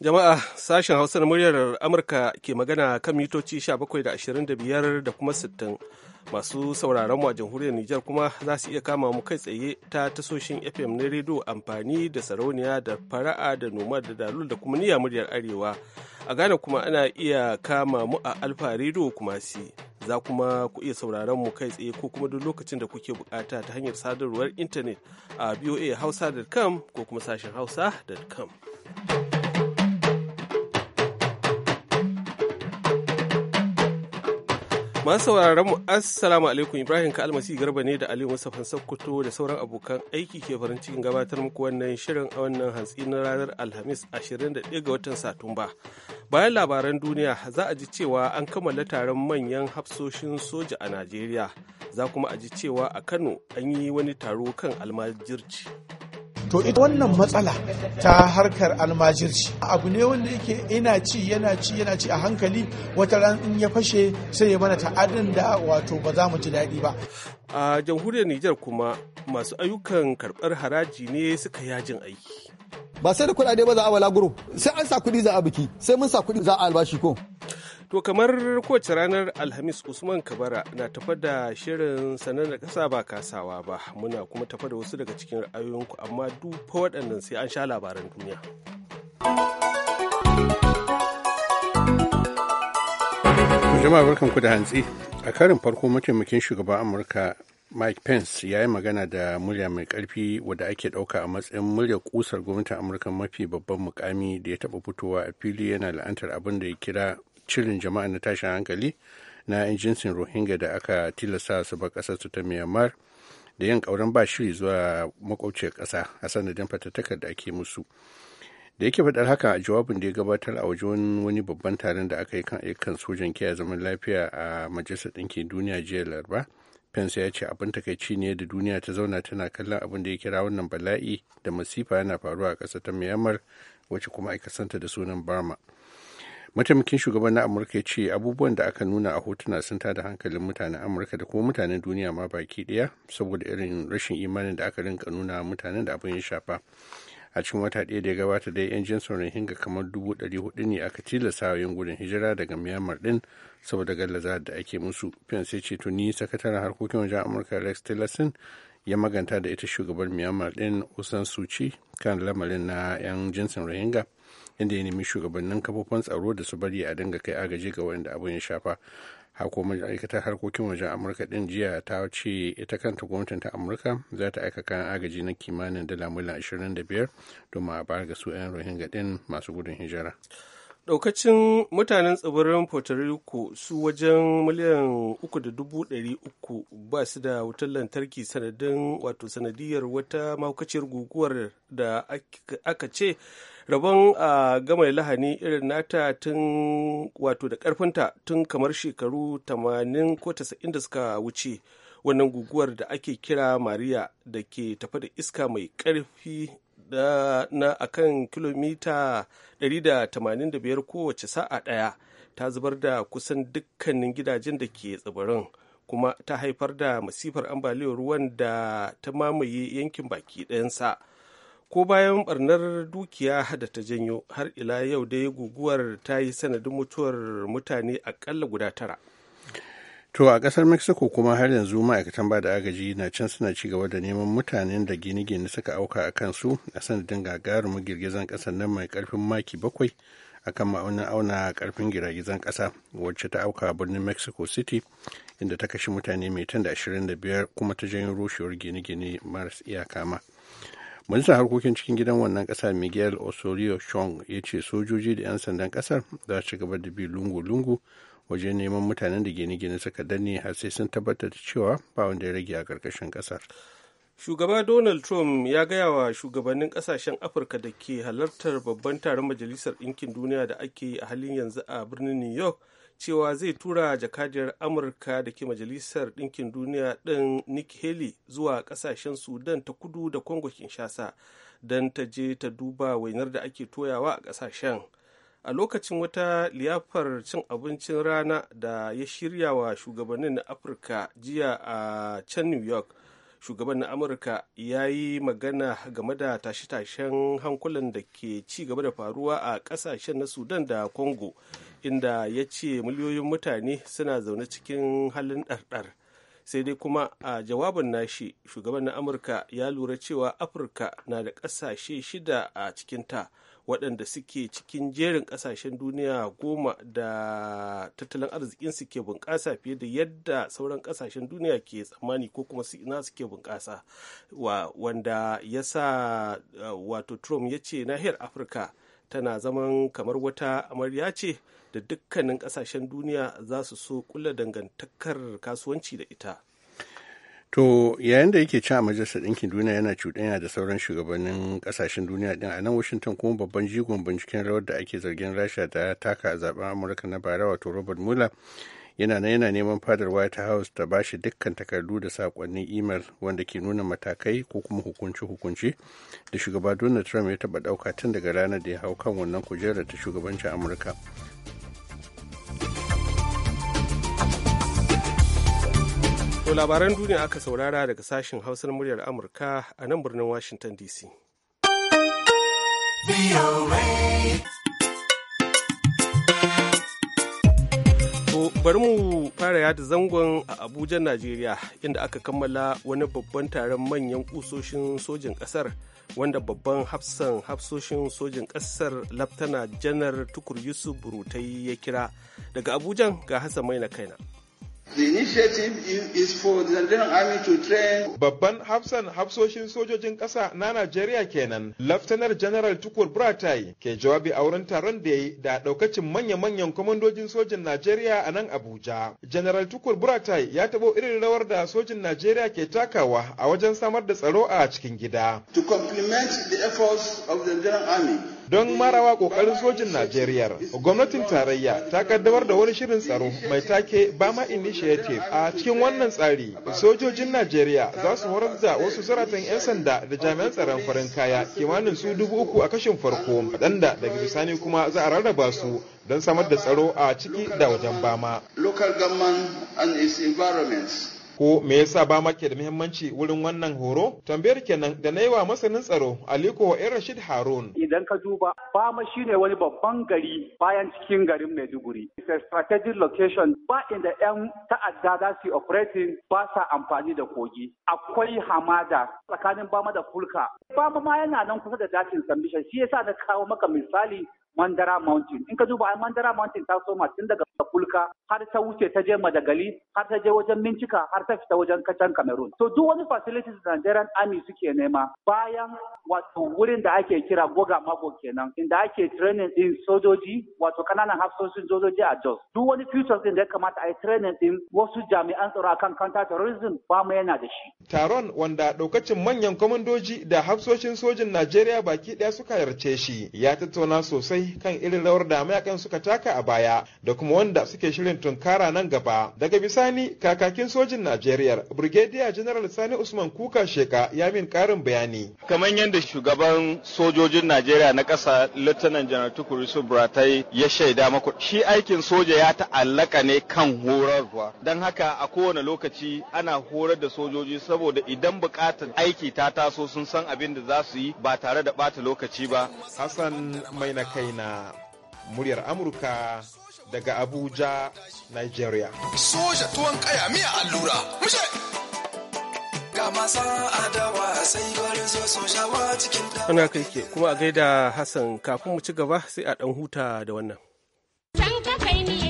Jama'a sashen Hausar muryar Amurka ke magana kan mitoci 17.25 da kuma 60 masu sauraron mu a jamhuriyar Nijar kuma za su iya kama mu kai tsaye ta tasoshin FM na rediyo amfani da sarauniya da fara'a da noma da dalul da kuma niyya muryar Arewa. A Ghana kuma ana iya kama mu a Alfa rediyo kuma si. Za kuma ku iya sauraron mu kai tsaye ko kuma duk lokacin da kuke bukata ta hanyar sadarwar intanet a voahausa.com ko kuma sashen hausa.com. Masu sauraron mu Assalamu alaikum Ibrahim ka almasi garba ne da Aliyu Musa Sokoto da sauran abokan aiki ke farin cikin gabatar muku wannan shirin a wannan hantsi na ranar Alhamis 21 ga watan Satumba. Bayan labaran duniya za a ji cewa an kammala taron manyan hafsoshin soja a Najeriya. Za kuma a ji cewa a Kano an yi wani taro kan almajirci. to ita wannan matsala ta harkar almajirci abu ne wanda yake ina ci yana ci yana ci a hankali wata ran in ya fashe sai ya mana ta'adin da wato ba za mu ji daɗi ba a jamhuriyar Nijar kuma masu ayyukan karɓar haraji ne suka yajin aiki ba sai da kuɗaɗe ba za a wala group sai an sa kuɗi za a biki sai mun sa kuɗi za a albashi ko To kamar kowace ranar Alhamis Usman Kabara na tafa da shirin sanar da ƙasa ba kasawa ba muna kuma tafa da wasu daga cikin ra'ayoyinku amma duk waɗannan sai an sha labaran duniya. Jama'a barkan ku da hantsi. A karin farko mataimakin shugaban Amurka Mike Pence ya yi magana da murya mai ƙarfi wadda ake ɗauka a matsayin muryar kusar gwamnatin Amurka mafi babban mukami da ya taɓa fitowa a fili yana la'antar abin da ya kira cirin jama'a na tashin hankali na 'yan jinsin rohingya da aka tilasta su bar su ta myanmar da yin ƙauren ba shiri zuwa makwabciyar kasa a sanadin fatattakar da ake musu da yake faɗar haka a jawabin da ya gabatar a wajen wani babban taron da aka yi kan ayyukan sojan kiyaye zaman lafiya a majalisar ɗinkin duniya jiya laraba pence ya ce abin takaici ne da duniya ta zauna tana kallon abin da ya kira wannan bala'i da masifa yana faruwa a kasa ta myanmar wacce kuma aka santa da sunan burma mataimakin shugaban na amurka ya ce abubuwan da aka nuna a hotuna sun tada hankalin mutanen amurka da kuma mutanen duniya ma baki daya saboda irin rashin imanin da aka rinka nuna mutanen da abin ya shafa a cikin wata ɗaya da ya gabata dai yan jinsin hinga kamar dubu ɗari hudu ne aka tilasta yin gudun hijira daga miyamar din saboda gallaza da ake musu fiyan sai ce tuni sakataren harkokin wajen amurka rex tillerson ya maganta da ita shugaban myanmar din usan suci kan lamarin na 'yan jinsin rohingya inda ya nemi shugabannin kafofin tsaro da su bari a dinga kai agaji ga wanda abin ya shafa hukumar ma'aikatar harkokin wajen amurka din jiya ta ce ita kanta gwamnatin ta amurka za ta aika kayan agaji na kimanin dala miliyan 25 domin a bayar ga su 'yan rohingya din masu gudun hijira daukacin mutanen tsibirin puerto rico su wajen miliyan uku da ba su da wutar lantarki sanadin wato sanadiyar wata mahaukaciyar guguwar da aka ce rabon a gama lahani irin nata tun wato da karfinta tun kamar shekaru 80 ko 90 da suka wuce wannan guguwar da ake kira maria da ke tafa da iska mai karfi na akan kilomita 185 kowace sa'a ɗaya ta zubar da kusan dukkanin gidajen da ke tsibirin kuma ta haifar da masifar ambaliyar ruwan da ta mamaye yankin baki ɗayansa ko bayan barnar dukiya da ta janyo har ila yau dai guguwar ta yi sanadin mutuwar mutane akalla guda tara. To a ƙasar Mexico kuma har yanzu ma'aikatan ba da agaji na can suna ci gaba da neman mutanen da gine-gine suka auka a kansu a sanadin gagarumin girgizan ƙasar nan mai ƙarfin maki bakwai a kan ma'aunin auna ƙarfin girgizan ƙasa wacce ta auka a birnin Mexico City inda ta kashe mutane mai tan da ashirin da biyar kuma ta janyo rushewar gine-gine maras iyaka ma. Ministan harkokin cikin gidan wannan ƙasa Miguel Osorio Chong ya ce sojoji da 'yan sandan ƙasar za su ci gaba da bi lungu-lungu wajen neman mutanen da gine-gine suka danne har sai sun tabbatar da cewa ba wanda ya rage a ƙarƙashin ƙasar. Shugaba Donald Trump ya gaya wa shugabannin ƙasashen Afirka da ke halartar babban taron Majalisar Ɗinkin Duniya da ake yi a halin yanzu a birnin New York cewa zai tura jakadiyar Amurka da ke Majalisar Ɗinkin Duniya ɗin Nick Haley zuwa ƙasashen Sudan ta kudu da Congo Kinshasa don ta je ta duba wainar da ake toyawa a ƙasashen. a lokacin wata liyafar cin abincin rana da ya shirya wa shugabannin na afirka jiya a can new york shugaban na amurka ya yi magana game da tashe-tashen hankulan da ke ci gaba da faruwa a kasashen na sudan da congo inda ya ce miliyoyin mutane suna zaune cikin halin ɗarɗar sai dai kuma a jawabin nashi shugaban na amurka ya lura cewa afirka na da ƙasashe shida a cikinta. waɗanda suke cikin jerin ƙasashen duniya goma da tattalin arzikinsu ke bunƙasa fiye da yadda sauran ƙasashen duniya ke tsammani ko kuma ina suke bunƙasa wanda ya sa eh, wato trump ya ce nahiyar afirka tana zaman kamar wata amarya ce da dukkanin ƙasashen duniya za su so kulla dangantakar kasuwanci da ita To yayin da yake ci a majalisar ɗinkin duniya yana cuɗanya da sauran shugabannin kasashen duniya ɗin a nan Washington kuma babban jigon binciken rawar da ake zargin Rasha da taka a zaɓen Amurka na bara wato Robert Muller yana nan yana neman fadar White House ta bashi dukkan takardu da sakonnin imel wanda ke nuna matakai ko kuma hukunci-hukunci da shugaba Donald Trump ya taɓa ɗauka tun daga ranar da ya hau kan wannan kujerar ta shugabancin Amurka. To labaran duniya aka saurara daga sashen hausar muryar Amurka a nan birnin Washington DC. bari mu fara yada zangon a abuja najeriya inda aka kammala wani babban taron manyan kusoshin sojin kasar wanda babban hafsan hafsoshin sojin kasar laftana janar tukur yusuf burutai ya kira daga abuja ga hasa mai na kaina Babban hafsan hafsoshin sojojin ƙasa na Najeriya kenan, Laftanar General Tukur Buratai ke jawabi a wurin taron da ya yi da ɗaukacin manya-manyan kwamandojin sojin Najeriya a nan Abuja. General Tukur Buratai ya taɓo irin rawar da sojin Najeriya ke takawa a wajen samar da tsaro a cikin gida. To complement the efforts of the General Army, don marawa kokarin sojin Najeriya. Gwamnatin tarayya ta kaddamar da wani shirin tsaro mai take Bama Initiative. A cikin wannan tsari, sojojin Najeriya za su horar da wasu zaratan 'yan sanda da jami'an tsaron farin kaya kimanin su dubu uku a kashin farko, waɗanda daga bisani kuma za a rarraba su don samar da tsaro a ciki da wajen Bama. Local government and its environments Ko me yasa ba ma ke da muhimmanci wurin wannan horo? Tambayar kenan da na yi wa masanin tsaro Aliko wa 'yan Rashid Harun. Idan ka duba, Bama shine wani babban gari bayan cikin garin Maiduguri. It's a strategic location ba inda 'yan ta'adda za su operating ba sa amfani da kogi. Akwai hamada tsakanin Bama da Fulka. Bama ma yana nan kusa da dakin Sambishan. Shi yasa na kawo maka misali mandara mountain in ka duba a mandara mountain ta soma tun daga kulka har ta wuce ta je madagali har ta je wajen mincika har ta fita wajen kacan cameroon to duk wani facilities da nigerian army suke nema bayan wato wurin da ake kira goga mago kenan inda ake training din sojoji wato kananan hafsoshin sojoji a jos duk wani futures din da ya kamata a yi training din wasu jami'an tsaro akan counter terrorism ba mu yana da shi taron wanda daukacin manyan kwamandoji da hafsoshin sojin najeriya baki ɗaya suka yarce shi ya tattauna sosai kan irin rawar da mayakan suka taka a baya da kuma wanda suke shirin tunkara nan gaba. Daga bisani kakakin sojin Najeriya Brigadier General Sani Usman Kuka Sheka ya min karin bayani. Kamar yadda shugaban sojojin Najeriya na ƙasa Lieutenant General Tukuru Buratai ya shaida maku shi aikin soja ya ta'allaka ne kan horarwa. Don haka a kowane lokaci ana horar da sojoji saboda idan bukatar aiki ta taso sun san abin da za su yi ba tare da ɓata lokaci ba. Hassan mai na kai na muryar Amurka daga Abuja, Nigeria. Soja tuwon kaya miya allura, mushe! Ga masu adawa sai bari zo cikin Ana kai ke kuma a gaida Hassan kafin mu ci gaba sai a ɗan huta da wannan. Can ka kai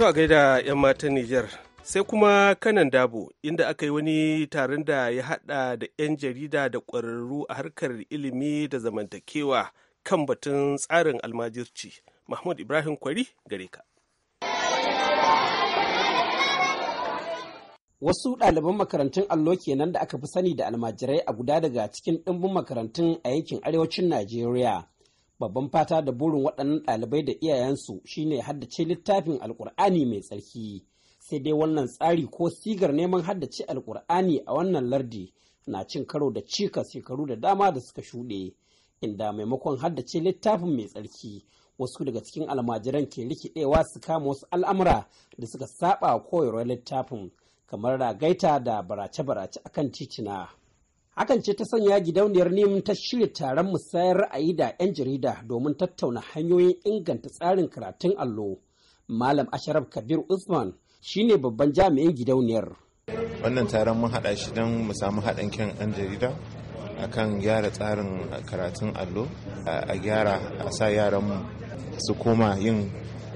To a gaida 'yan matan Nijar. Sai kuma kanan dabo inda aka yi wani taron da ya hada da 'yan jarida da ƙwararru a harkar ilimi da zamantakewa kan batun tsarin almajirci. Mahmud Ibrahim Kwari gare ka. Wasu ɗaliban makarantun allo kenan da aka fi sani da almajirai a guda daga cikin ɗimbin makarantun a yankin arewacin Najeriya babban fata da burin waɗannan ɗalibai da iyayensu shine haddace littafin alkur'ani mai tsarki sai dai wannan tsari ko sigar neman haddace alkur'ani a wannan lardi na cin karo da cika shekaru da dama da suka shuɗe inda maimakon haddace littafin mai tsarki wasu daga cikin almajiran ke rikidewa su kama wasu al'amura da suka saba koyarwar littafin kamar ragaita da barace-barace akan titina. Hakan ce ta sanya gidauniyar NIM ta shirya taron musayar ra'ayi da 'yan jarida domin tattauna hanyoyin inganta tsarin karatun allo. Malam Asharaf Kabir Usman shine babban jami'in gidauniyar. Wannan taron mun haɗa shi don mu samu haɗin kyan 'yan jarida akan gyara tsarin karatun allo a gyara a sa yaranmu su koma yin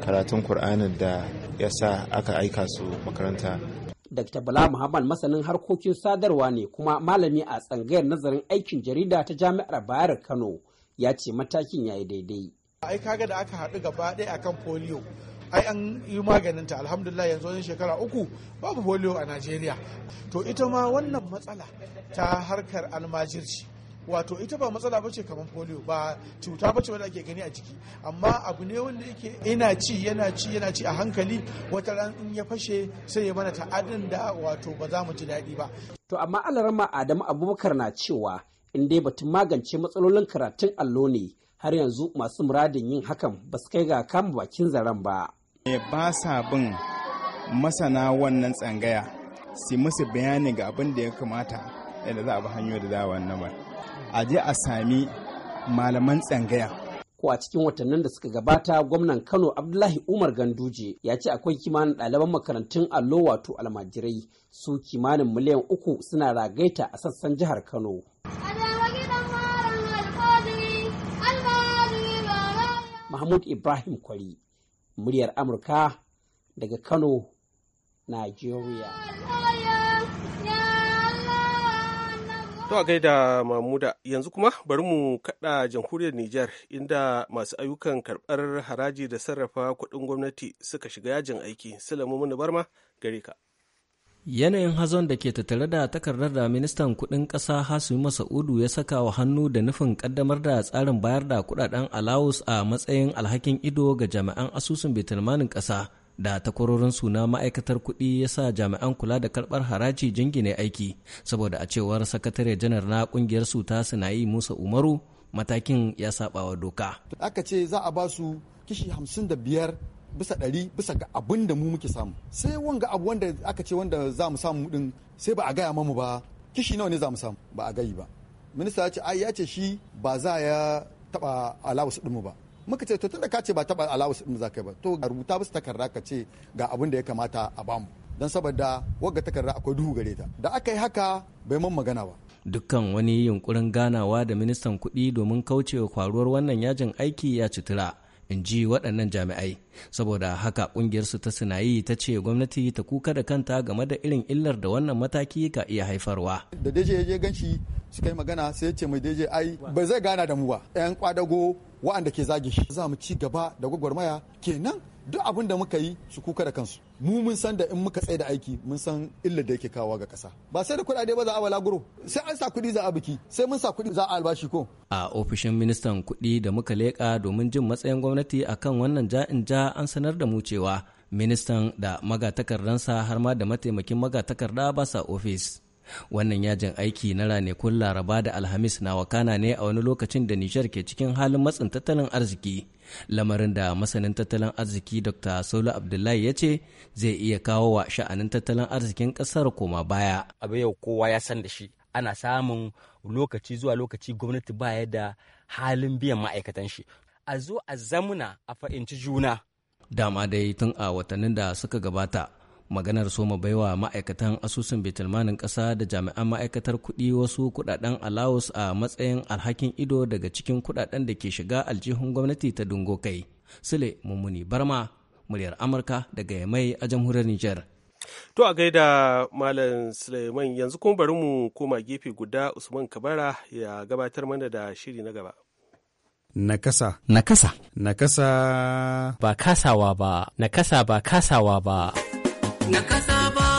karatun Kur'anin da ya sa aka aika su makaranta Dr. Bala Muhammad masanin harkokin sadarwa ne kuma malami a tsangayar nazarin aikin jarida ta Jami'ar Bayar Kano ya ce matakin ya yi daidai. Ai kaga da aka haɗu gaba ɗaya akan polio. ai an yi maganinta alhamdulillah yanzu wajen shekara uku babu polio a najeriya to ita ma wannan matsala ta harkar almajirci wato ita ba matsala bace kamar polio ba cuta bace wanda ake gani a jiki amma abu ne wanda yake ina ci yana ci yana ci a hankali wata ran in ya fashe sai ya mana ta'adin da wato ba za mu ji daɗi ba to amma alarama Adamu Abubakar na cewa in dai batun magance matsalolin karatun allo ne har yanzu masu muradin yin hakan ba su kai ga kama bakin zaren ba Me ba sa bin masana wannan tsangaya su musu bayani ga abin da ya kamata da za a bi hanyoyi da za a wannan a je a sami malaman tsangaya ko a cikin watannin da suka gabata gwamnan kano abdullahi umar ganduje ya ce akwai kimanin ɗaliban makarantun allo wato almajirai su kimanin miliyan uku suna ragaita a sassan jihar kano mahmud ibrahim kwari muryar amurka daga kano nigeria To a gaida Mamuda yanzu kuma bari mu kaɗa jamhuriyar Nijar inda masu ayyukan karɓar haraji da sarrafa kuɗin gwamnati suka shiga yajin aiki. Sulamu Muni Barma gare ka. Yanayin hazon da ke tattare da takardar da ministan kuɗin ƙasa Hasimu Masa'udu ya saka wa hannu da nufin ƙaddamar da tsarin bayar da kuɗaɗen alawus a matsayin alhakin ido ga jami'an asusun betulmanin ƙasa da takwarorin suna ma'aikatar kuɗi ya sa jami'an kula da karɓar haraji jingine aiki saboda a cewar sakatare janar na ƙungiyar su ta sinayi musa umaru matakin ya saba doka aka ce za a ba su kishi hamsin da biyar bisa ɗari bisa ga abin da mu muke samu sai wanga abu wanda aka ce wanda za mu samu din sai ba a gaya mamu ba kishi nawa ne za mu samu ba a gayi ba minista ya ce ai ya ce shi ba za ya taɓa alawus ɗinmu ba muka ce to tunda ka ce ba taba allowance din za ka ba to a rubuta musu takarda ka ce ga abin da ya kamata a bamu don saboda wagga takarda akwai duhu gare ta da aka yi haka bai man magana ba dukkan wani yunkurin ganawa da ministan kuɗi domin kaucewa kwaruwar wannan yajin aiki ya citira in ji waɗannan jami'ai saboda haka ƙungiyarsu ta sinayi ta ce gwamnati ta kuka da kanta game da irin illar da wannan mataki ka iya haifarwa da daje ya ganshi su kai magana sai ce mai daje ai ba zai gana da mu ba yan kwadago wa'anda ke zage shi za mu ci gaba da gwagwarmaya kenan duk abin da muka yi su kuka da kansu mu mun san da in muka tsaye da aiki mun san illa da yake kawo ga kasa ba sai da kuɗaɗe ba za a wala balaguro sai an sa kuɗi za a biki sai mun sa kuɗi za a albashi ko a ofishin ministan kuɗi da muka leƙa domin jin matsayin gwamnati akan wannan ja'in ja an sanar da mu cewa ministan da magatakardansa har ma da mataimakin magatakarda ba sa ofis wannan yajin aiki na ranakun laraba da alhamis na wakana ne a wani lokacin da nijar ke cikin halin matsin tattalin arziki lamarin da masanin tattalin arziki dr saulu abdullahi ya ce zai iya kawo wa sha'anin tattalin arzikin kasar koma baya abu yau kowa ya san da shi ana samun lokaci zuwa lokaci gwamnati baya da halin biyan ma'aikatan shi a zo a zamuna a fahimci juna dama dai tun a watannin da suka gabata maganar soma baiwa ma'aikatan asusun betulmanin kasa da jami'an ma'aikatar kuɗi wasu kuɗaɗen alawus a matsayin alhakin ido daga cikin kuɗaɗen da ke shiga aljihun gwamnati ta dungo kai sule mummuni barma muryar amurka daga yamai a jamhuriyar niger to a gaida malam suleiman yanzu kuma bari mu koma gefe guda usman kabara ya gabatar mana da shiri na gaba Nakasa. Nakasa. Nakasa. Ba kasawa ba. Nakasa ba kasawa ba. 中澤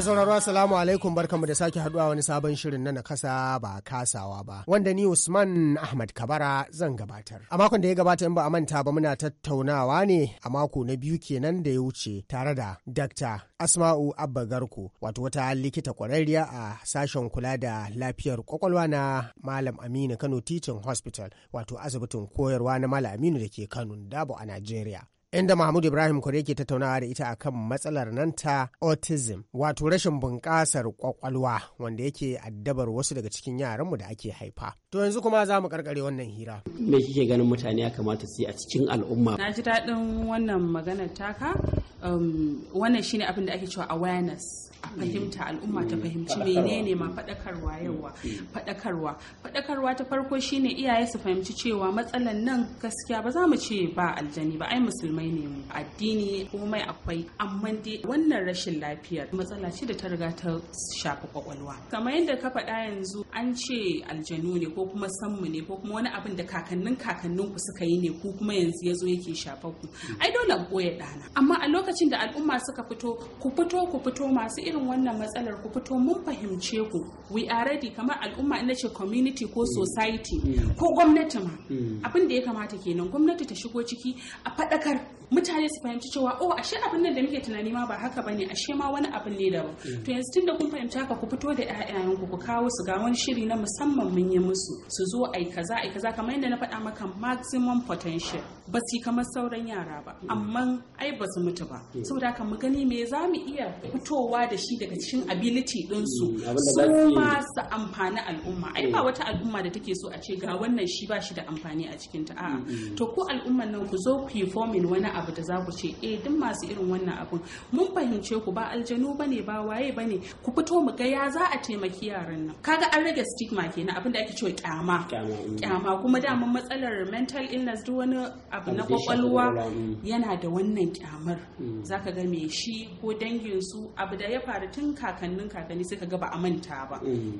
Mai sauraro asalamu alaikum barkamu da sake haduwa wani sabon shirin na nakasa ba kasawa ba wanda ni Usman Ahmad Kabara zan gabatar. A makon da ya gabata in ba a manta ba muna tattaunawa ne a mako na biyu kenan da ya wuce tare da Dr. Asma'u Abba Garko wato wata likita kwararriya a sashen kula da lafiyar kwakwalwa na Malam Aminu Kano Teaching Hospital wato asibitin koyarwa na Malam Aminu da ke Kano Dabo a Najeriya. inda Mahmud Ibrahim Kure ke tattaunawa da ita akan matsalar nan ta autism wato rashin bunƙasar kwakwalwa wanda yake addabar wasu daga cikin yaranmu da ake haifa. To yanzu kuma za mu karkare wannan hira. Me kike ganin mutane ya kamata su yi a cikin al'umma? Na ji daɗin wannan maganar taka. Um, wannan shine abin da ake cewa awareness A fahimta al'umma ta fahimci menene ma faɗakarwa yawa hmm. faɗakarwa faɗakarwa ta farko shine iyaye su fahimci cewa matsalan nan gaskiya ba za mu ce ba aljani ba ai musulmai ne mu addini komai akwai amma dai wannan rashin lafiyar matsala ce da ta riga ta shafi kwakwalwa kamar yadda ka faɗa yanzu an ce aljanu ne ko kuma sammu ne ko kuma wani abin da kakannin kakannin ku suka yi ne ko kuma yanzu ya zo yake shafa ku hmm. ai dole ku koya ɗana amma a lokacin da al'umma suka fito ku fito ku fito masu irin wannan matsalar ku fito mun fahimce ku we are ready kamar al'umma ina ce community ko mm. society mm. ko gwamnati ma mm. abin da ya kamata kenan gwamnati ta shigo ciki a faɗakar mutane su fahimci cewa oh ashe abin nan da muke tunani ma ba haka bane ashe ma wani abin ne daban mm. to yanzu tunda kun fahimci haka ku fito da ƴaƴan ku ku kawo su ga wani shiri na musamman mun yi musu su zo ai kaza ai kaza kamar yadda na faɗa maka maximum potential ba su kamar sauran yara ba mm. amma ai ba su mutu ba mm. saboda haka mu gani me za mu iya fitowa da shi daga cikin ability din su su ma su amfani al'umma ai ba wata al'umma da take so a ce ga wannan shi ba shi da amfani a cikin ta a'a to ko al'umman nan ku zo ku yi forming wani abu abu da za ku ce eh duk masu irin wannan abun mun fahimce ku ba aljanu bane ba waye bane ku fito mu ga ya za a taimaki yaran nan kaga an rage stigma kenan abin da ake cewa kyama kyama mm. kuma da mun matsalar mental illness duk wani abu na kwakwalwa mm. yana da wannan kyamar mm. zaka ga me shi ko dangin su abu da ya faru tun kakannin kakanni suka ga ba a manta ba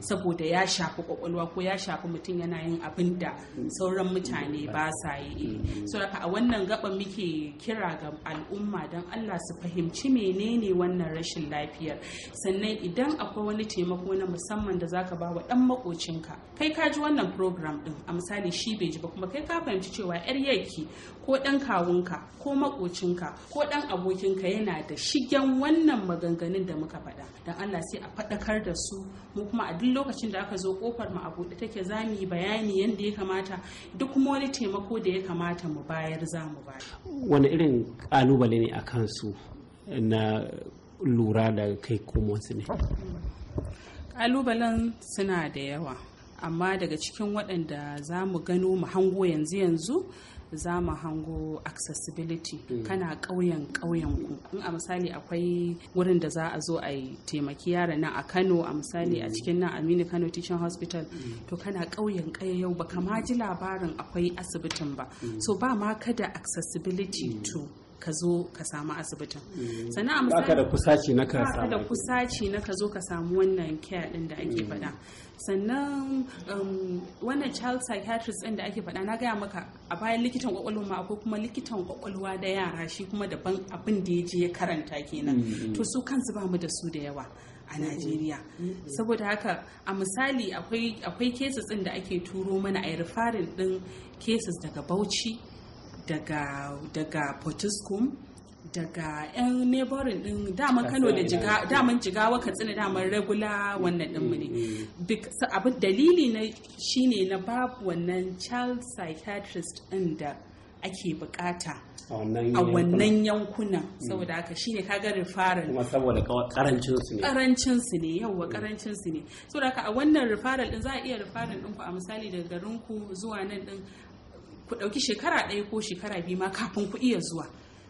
saboda ya shafi kwakwalwa ko ya shafi mutum yana yin abin da sauran mutane ba sa yi so a wannan gaban muke kira ga al'umma don allah su fahimci menene wannan rashin lafiyar sannan idan akwai wani taimako na musamman da zaka ba wa dan makocinka kai ka ji wannan program din a misali shi bai ji ba kuma kai ka fahimci cewa yar yaki ko ɗan kawunka ko makocinka ko ɗan abokinka yana da shigen wannan maganganun da muka faɗa don Allah sai a faɗakar da su mu kuma a duk lokacin da aka zo kofar mu a buɗe take za mu yi bayani yadda ya kamata duk kuma wani taimako da ya kamata mu bayar za mu bayar. wani irin ƙalubale ne a kansu na lura da kai komonsu ne ƙalubalen suna da yawa amma daga cikin waɗanda za mu gano mu hango yanzu yanzu za mu hango accessibility hmm. kana ƙauyen ƙauyen ku in a misali akwai wurin da za a zo a yi taimaki yara nan a kano a misali a hmm. cikin nan aminu kano teaching hospital hmm. to kana ƙauyen yau ba ma ji labarin akwai asibitin ba so ba ma kada accessibility to ka zo ka samu asibitin eh, sannan a misali da kusaci na ka samu da kusaci na ka zo ka samu wannan care din da ake mm. faɗa sannan um, wannan child psychiatrist din da ake faɗa na gaya maka a bayan likitan kwakwalwa ma akwai kuma likitan kwakwalwa da yara shi kuma daban abin da ya je ya karanta kenan mm, mm. to su kansu ba mu da su da yawa a Najeriya. Saboda haka a misali akwai cases ɗin da ake turo mana a yi rufarin ɗin cases daga Bauchi daga daga potiskum daga yan neighboring din dama kano da jiga daman jigawa katsina daman Regula wannan din mu ne mm, mm, mm. abin dalili na shine na babu wannan child psychiatrist din da ake bukata a wannan yankunan saboda haka shine kaga referral kuma saboda karancin su ne karancin su ne yawa karancin su ne saboda haka a wannan referral din za a iya referral din ku a misali daga garin ku zuwa nan din ku ɗauki shekara ɗaya ko shekara biyu ma kafin ku iya zuwa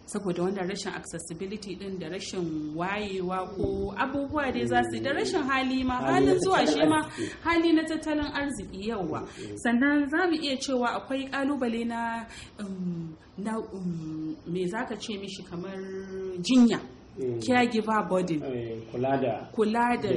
saboda wanda rashin accessibility din da rashin wayewa ko abubuwa dai za su da rashin hali ma halin zuwa shi ma hali na tattalin arziki yauwa mm. sannan za mu iya cewa akwai kalubale na um, um, me za ka ce mishi kamar jinya Eh, caregiver body eh, kula da kula da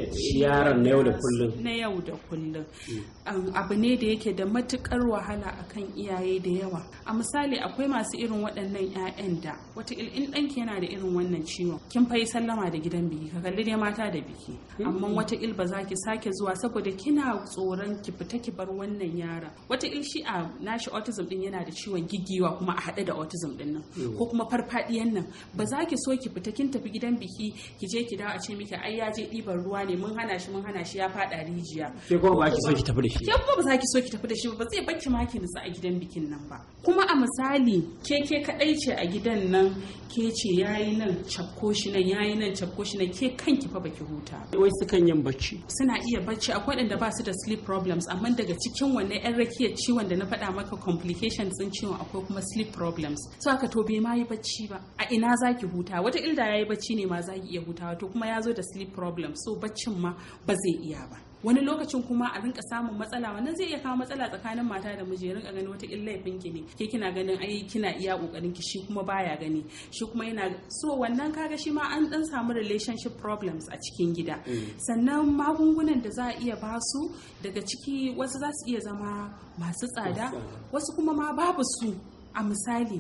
yaron na yau da kullum na yau da kullum mm. um, abu ne da yake da matukar wahala akan iyaye da yawa a misali akwai masu irin waɗannan 'ya'yan da wata in ɗanki yana da irin wannan ciwon kin fa sallama da gidan biki ka kalli ne mata da biki mm. amma wata il ba za ki sake zuwa saboda kina tsoron ki fita ki bar wannan yara wata il shi a nashi autism din yana da ciwon gigiwa kuma a haɗe da autism din nan mm. ko kuma farfadiyan nan ba za ki so ki fita kin tafi gidan biki ki je ki dawo a ce miki ai ya je ɗiban ruwa ne mun hana shi mun hana shi ya faɗa rijiya ke kuma ba ki so ki tafi da shi ke kuma ba za ki so ki tafi da shi ba zai bakki ma ki nutsa a gidan bikin nan ba kuma a misali ke ke kadai ce a gidan nan ke ce yayi nan cakko shi nan yayi nan cakko shi nan ke kanki fa baki huta wai sukan yin bacci suna iya bacci akwai waɗanda ba su da sleep problems amma daga cikin wannan yan rakiya ciwon da na faɗa maka complications sun ciwon akwai kuma sleep problems so aka to bai ma yi bacci ba a ina za ki huta wata ilda yi bacci bacci ne ma za ki iya hutawa to kuma ya zo da sleep problem so baccin ma ba zai iya ba wani lokacin kuma a rinka samun matsala wannan zai iya kawo matsala tsakanin mata da miji rinka ganin wata illa laifin ki ne ke kina ganin ai kina iya kokarin ki shi kuma baya gani shi kuma yana so wannan kaga shi ma an dan samu relationship problems a cikin gida mm. sannan magungunan da za a iya basu daga ciki wasu za su iya zama masu tsada wasu kuma ma babu su a misali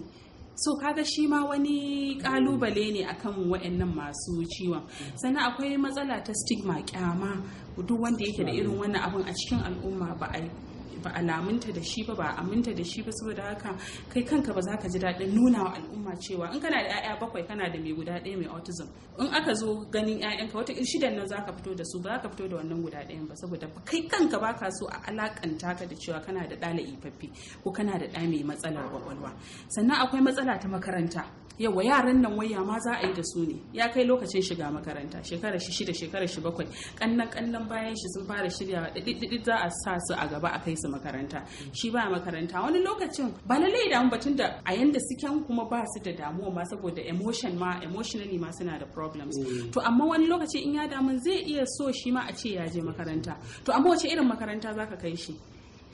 so kaga shi ma wani kalubale ne akan waɗannan masu ciwon sannan akwai matsala ta stigma kyama duk wanda yake da irin wannan abun a cikin al'umma ba a ba a da shi ba ba a aminta da shi ba saboda haka kai kanka ba za ka ji daɗin nuna wa al'umma cewa in kana da 'ya'ya bakwai kana da mai guda ɗaya mai autism in aka zo ganin 'ya'yanka wata shidan nan za ka fito da su ba za ka fito da wannan guda ɗayan ba saboda kai kanka ba ka so a alakanta ka da cewa kana da ɗalibi ko kana da ɗa mai matsalar kwakwalwa sannan akwai matsala ta makaranta yawa yaran nan waya ma za a yi da su ne ya kai lokacin shiga makaranta shekara shi shida shekara shi bakwai kannan kannan bayan shi sun fara shiryawa dididi za a sa su a gaba a kai su makaranta shi ba makaranta wani lokacin ba na laida batun da a yanda suke kuma ba su da damuwa ma saboda emotion ma emotionally ma suna da problems mm. to amma wani lokaci in ya damu zai iya so shi ma a ce ya je makaranta to amma wace irin makaranta zaka kai shi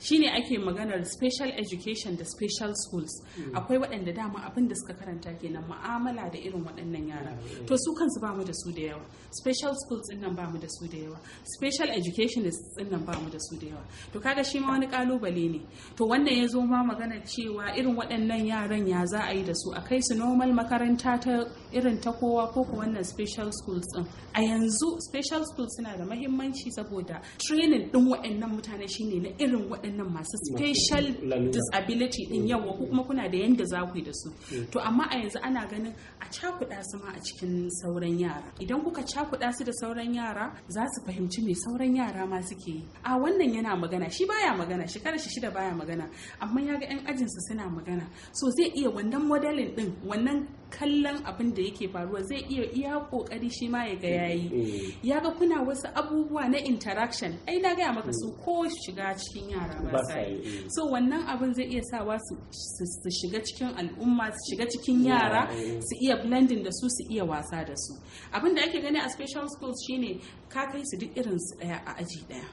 shine ake maganar special education da special schools hmm. akwai waɗanda dama abin da suka karanta kenan ma'amala da irin waɗannan yara hmm. to su kansu ba mu da su da yawa special schools din nan ba mu da su da yawa special education din nan ba mu da su da yawa to kaga shi ma wani kalubale ne to wannan ya zo ma magana cewa irin waɗannan yaran ya za a yi da su a kai su normal makaranta ta irin ta kowa ko ku wannan special schools din a yanzu special schools suna da mahimmanci saboda training din waɗannan mutane shine na irin waɗannan waɗannan masu special disability din mm. yawa ko kuma kuna da yanda za ku yi da su mm. to amma a yanzu ana ganin a cakuɗa su ma a cikin sauran yara idan kuka cakuɗa su da sauran yara za su fahimci me sauran yara ma suke yi a wannan yana magana shi baya magana shekara shi shida baya magana amma ya ga 'yan ajinsa suna magana so zai iya wannan modelin din wannan kallon abin da yake faruwa zai iya iya kokari shi ma ya ga yayi mm. ya ga kuna wasu abubuwa na interaction ai na gaya maka su mm. ko shiga cikin yara ba sai mm. so wannan abin zai iya sawa su shiga cikin al'umma su shiga cikin yara su iya blending da su su iya wasa da su abin da ake gani a special schools shine ka kai su duk irin su daya a aji daya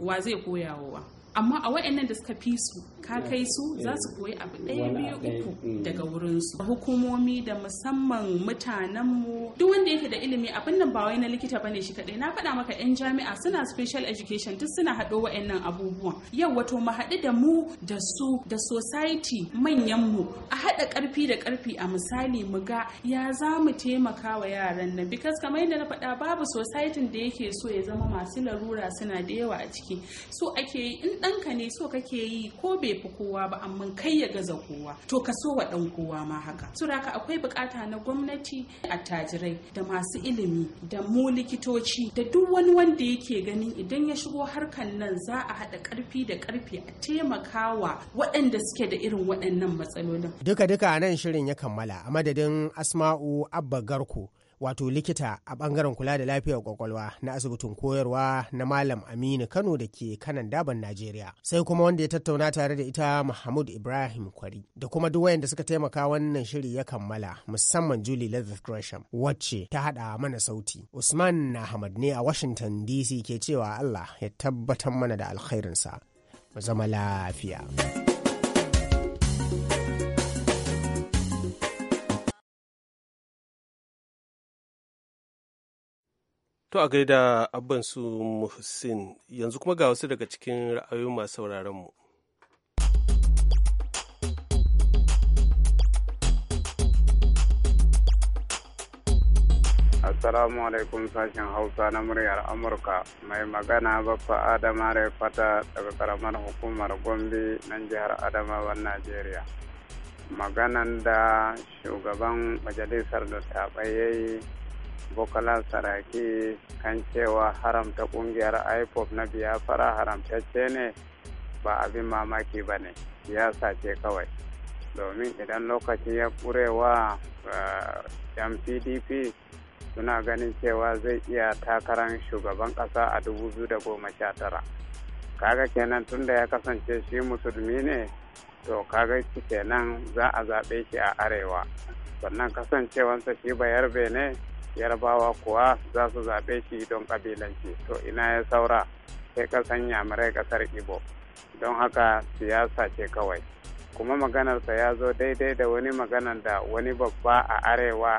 wa zai koyawa amma a waɗannan da suka fi su ka kai su za su koyi abu ɗaya biyu uku mm. daga wurin wurinsu hukumomi da musamman mutanenmu duk wanda yake da ilimi abin nan ba wai na likita bane shi kaɗai na faɗa maka 'yan jami'a suna special education duk suna haɗo waɗannan abubuwa yau wato mu haɗu da mu da su da society manyanmu a haɗa ƙarfi da ƙarfi a misali mu ga ya za mu taimaka wa yaran nan because kamar yadda na faɗa babu society da yake so ya zama masu larura suna da yawa a ciki so ake yi. ɗanka ne so kake yi ko bai fi kowa ba amma kai ya gaza kowa to ka so wa ɗan kowa ma haka suraka akwai bukata na gwamnati attajirai da masu ilimi da mu likitoci da duk wani wanda yake ganin idan ya shigo harkan nan za a haɗa ƙarfi da ƙarfi a taimakawa waɗanda suke da irin waɗannan matsalolin duka duka nan shirin ya kammala a madadin asma'u abba garko wato likita a bangaren kula da lafiyar kwakwalwa na asibitin koyarwa na malam aminu kano da ke kanan daban najeriya sai kuma wanda ya tattauna tare da ita mahmud ibrahim kwari da kuma duk wayanda suka taimaka wannan shiri ya kammala musamman julie leather gresham wacce ta hada mana sauti usman na ne a washington dc ke cewa allah ya tabbatar mana da alkhairinsa mu zama lafiya. To a gaida abban su Muhsin yanzu kuma ga wasu daga cikin ra'ayoyin masu sauraron mu. Assalamu alaikum sashen Hausa na muryar Amurka mai magana bafa Adama Rai Fata daga karamar hukumar Gombe nan jihar Adamawa Najeriya. Maganan da shugaban majalisar da ta bokalan saraki kan cewa haramta kungiyar ipop na biyafara haramtacce ne ba abin mamaki ba ne siyasa ce kawai domin idan lokaci ya kurewa yan eh, pdp suna ganin cewa zai iya takarar shugaban kasa a 2019 kaga kenan tunda ya kasance shi musulmi ne to kaga kenan za a zaɓe shi a arewa sannan kasancewansa shi bayar ne yarbawa kuwa za su zaɓe shi don ƙabilanci to ina ya saura sai ƙasan yamurai ƙasar ibo don haka siyasa ce kawai kuma maganarsa ya zo daidai da wani maganar da wani babba a arewa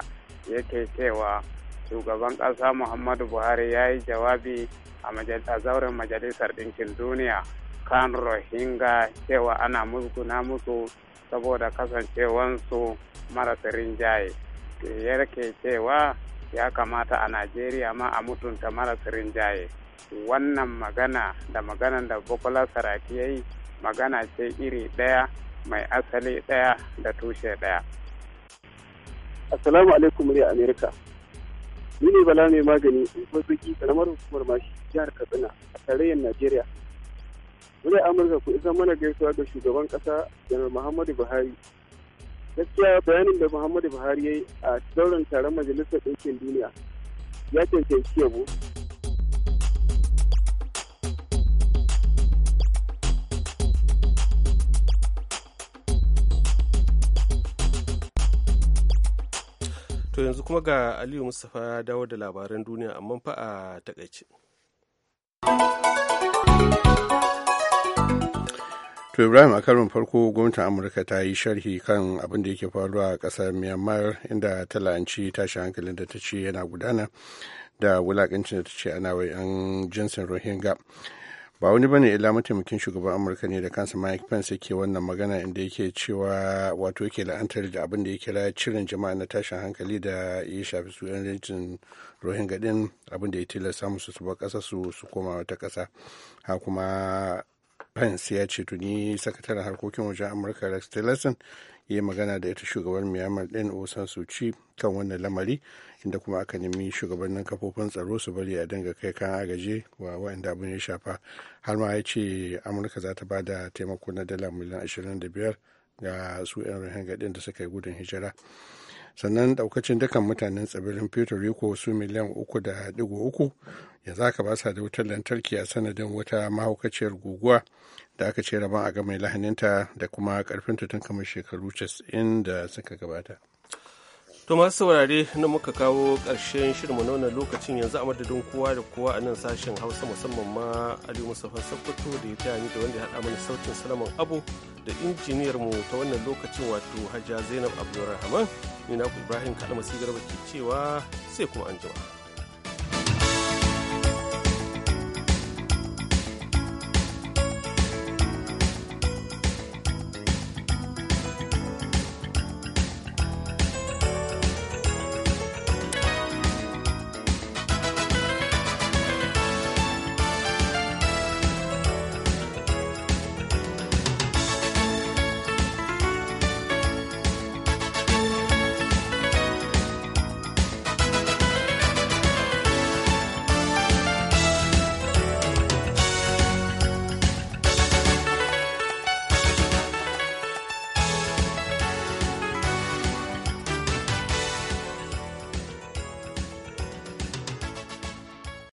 yake cewa shugaban ƙasa muhammadu buhari ya yi jawabi a zauren majalisar ɗinkin duniya kan rohingya cewa ana musguna musu saboda kasancewansu marasa rinjaye yake cewa ya kamata a najeriya ma a mutunta marasa rinjaye wannan magana da magana da bukola saraki ya yi magana ce iri ɗaya mai asali ɗaya da tushe ɗaya assalamu alaikum murya amerika ni ne bala mai magani da karamar hukumar mashi jihar katsina a tarayyar najeriya Wani amurka ku isa mana gaisuwa ga shugaban kasa janar muhammadu buhari gaskiya bayanin da muhammadu buhari ya yi a sauran taron majalisar ɗinkin duniya ya cancanci yabo To yanzu kuma ga Aliyu Mustapha ya dawo da labaran duniya amma fa a takaice. To Ibrahim a karin farko gwamnatin Amurka ta yi sharhi kan abin da yake faruwa a kasar Myanmar inda ta la'anci tashin hankalin da ta ce yana gudana da wulakancin da ta ce ana wai 'yan jinsin Rohingya. Ba wani bane illa mataimakin shugaban Amurka ne da kansa Mike Pence yake wannan magana inda yake cewa wato yake la'antar da abin da ya kira cirin jama'a na tashin hankali da ya shafi su 'yan rijin Rohingya din abin da ya tilasta musu su bar ƙasa su su koma wata kasa Ha kuma Pence ya ce tuni sakataren harkokin wajen Amurka Rex Tillerson ya magana da ita shugaban Myanmar ɗin Osan Suci kan wannan lamari inda kuma aka nemi shugabannin kafofin tsaro su bari a dinga kai kan agaje wa waɗanda abin ya shafa har ma ya ce Amurka za ta ba da taimako na dala miliyan 25 ga su 'yan Rohingya ɗin da suka yi gudun hijira. sannan daukacin dukkan mutanen tsibirin puerto rico su miliyan uku da digo uku yanzu aka ba sa da wutar lantarki a sanadin wata mahaukaciyar guguwa da aka ce rabon a ga mai lahaninta da kuma karfin tun kamar shekaru 90 da suka gabata To masu saurare na muka kawo ƙarshen shirinmu na lokacin yanzu a madadin kowa da kowa a nan sashen Hausa musamman ma Ali Mustapha Sokoto da ya taya ni da wanda ya haɗa mana sautin Salaman Abu da injiniyar mu ta wannan lokacin wato Hajja Zainab Abdulrahman ni na Ibrahim Kalmasi Garba ke cewa sai kuma anjima.